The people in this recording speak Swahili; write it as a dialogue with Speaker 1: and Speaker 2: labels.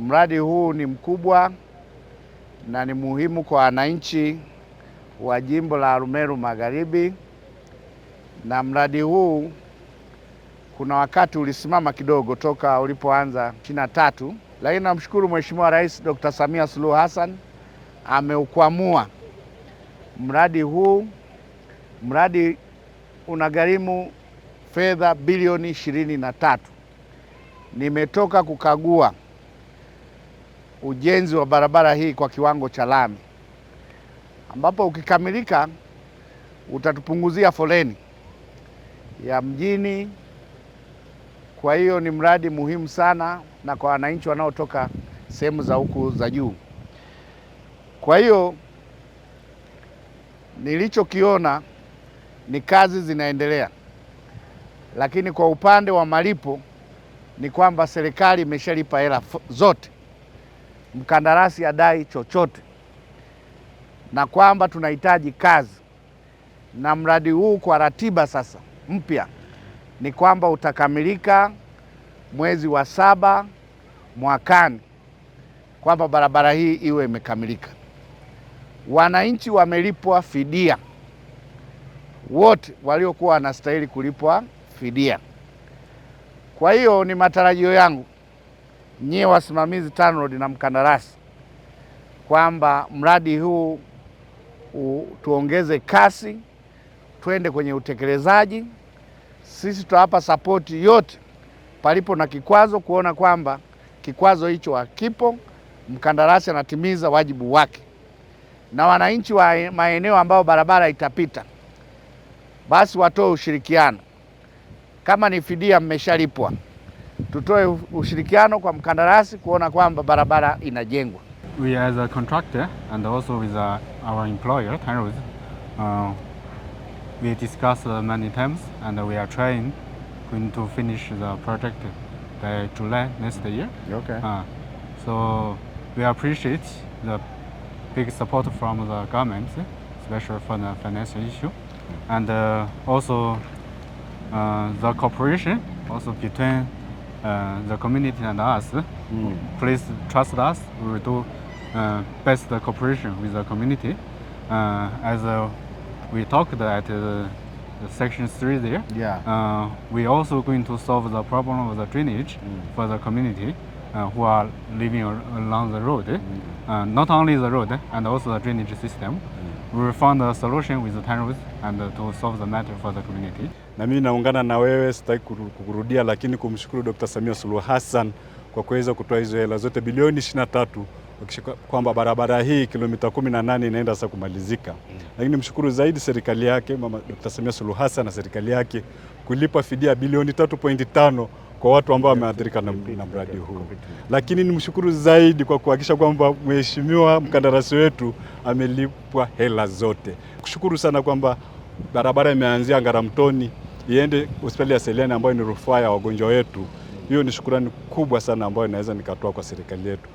Speaker 1: Mradi huu ni mkubwa na ni muhimu kwa wananchi wa jimbo la Arumeru Magharibi, na mradi huu kuna wakati ulisimama kidogo toka ulipoanza ishirini na tatu, lakini namshukuru Mheshimiwa Rais Dr. Samia Suluhu Hassan ameukwamua mradi huu. Mradi unagharimu fedha bilioni ishirini na tatu. Nimetoka kukagua ujenzi wa barabara hii kwa kiwango cha lami, ambapo ukikamilika utatupunguzia foleni ya mjini. Kwa hiyo ni mradi muhimu sana na kwa wananchi wanaotoka sehemu za huku za juu. Kwa hiyo nilichokiona ni kazi zinaendelea, lakini kwa upande wa malipo ni kwamba serikali imeshalipa hela zote mkandarasi adai chochote, na kwamba tunahitaji kazi na mradi huu kwa ratiba sasa mpya ni kwamba utakamilika mwezi wa saba mwakani, kwamba barabara hii iwe imekamilika. Wananchi wamelipwa fidia wote waliokuwa wanastahili kulipwa fidia. Kwa hiyo ni matarajio yangu nyie wasimamizi TANROADS na mkandarasi kwamba mradi huu u, tuongeze kasi, twende kwenye utekelezaji. Sisi tutawapa sapoti yote palipo na kikwazo, kuona kwamba kikwazo hicho hakipo, mkandarasi anatimiza wajibu wake, na wananchi wa e, maeneo ambayo barabara itapita basi watoe ushirikiano. Kama ni fidia, mmeshalipwa tutoe ushirikiano kwa mkandarasi kuona kwamba barabara inajengwa.
Speaker 2: We as a contractor and also with uh, our employer Tanroads, uh, we discuss uh, many times and we are trying going to finish the project by July next year. Okay. Uh, so we appreciate the big support from the government, especially for the financial issue, and uh, also uh, the cooperation also between uh, the community and us. Mm. Please trust us. We will do uh, best cooperation with the community. Uh, as uh, we talked at uh, section three there, yeah. uh, we also going to solve the problem of the drainage Mm. for the community uh, who are living along the road. Hmm. Uh, not only the road uh, and also the drainage system. Mm. we find a solution with the TANROADS and uh, to solve the matter for the community.
Speaker 3: Na mimi naungana na wewe, sitaki kukurudia, lakini kumshukuru Dr. Samia Suluhu Hassan kwa kuweza kutoa hizo hela zote bilioni 23 kwamba barabara hii kilomita 18 inaenda sasa kumalizika. Mm. Lakini mshukuru zaidi serikali yake Mama Dr. Samia Suluhu Hassan na serikali yake kulipa fidia bilioni 3.5 kwa watu ambao wameathirika na, na mradi huu, lakini ni mshukuru zaidi kwa kuhakikisha kwamba mheshimiwa mkandarasi wetu amelipwa hela zote. Kushukuru sana kwamba barabara imeanzia Ngaramtoni iende hospitali ya Seliani ambayo ni rufaa ya wagonjwa wetu. Hiyo ni shukurani kubwa sana ambayo inaweza nikatoa kwa serikali yetu.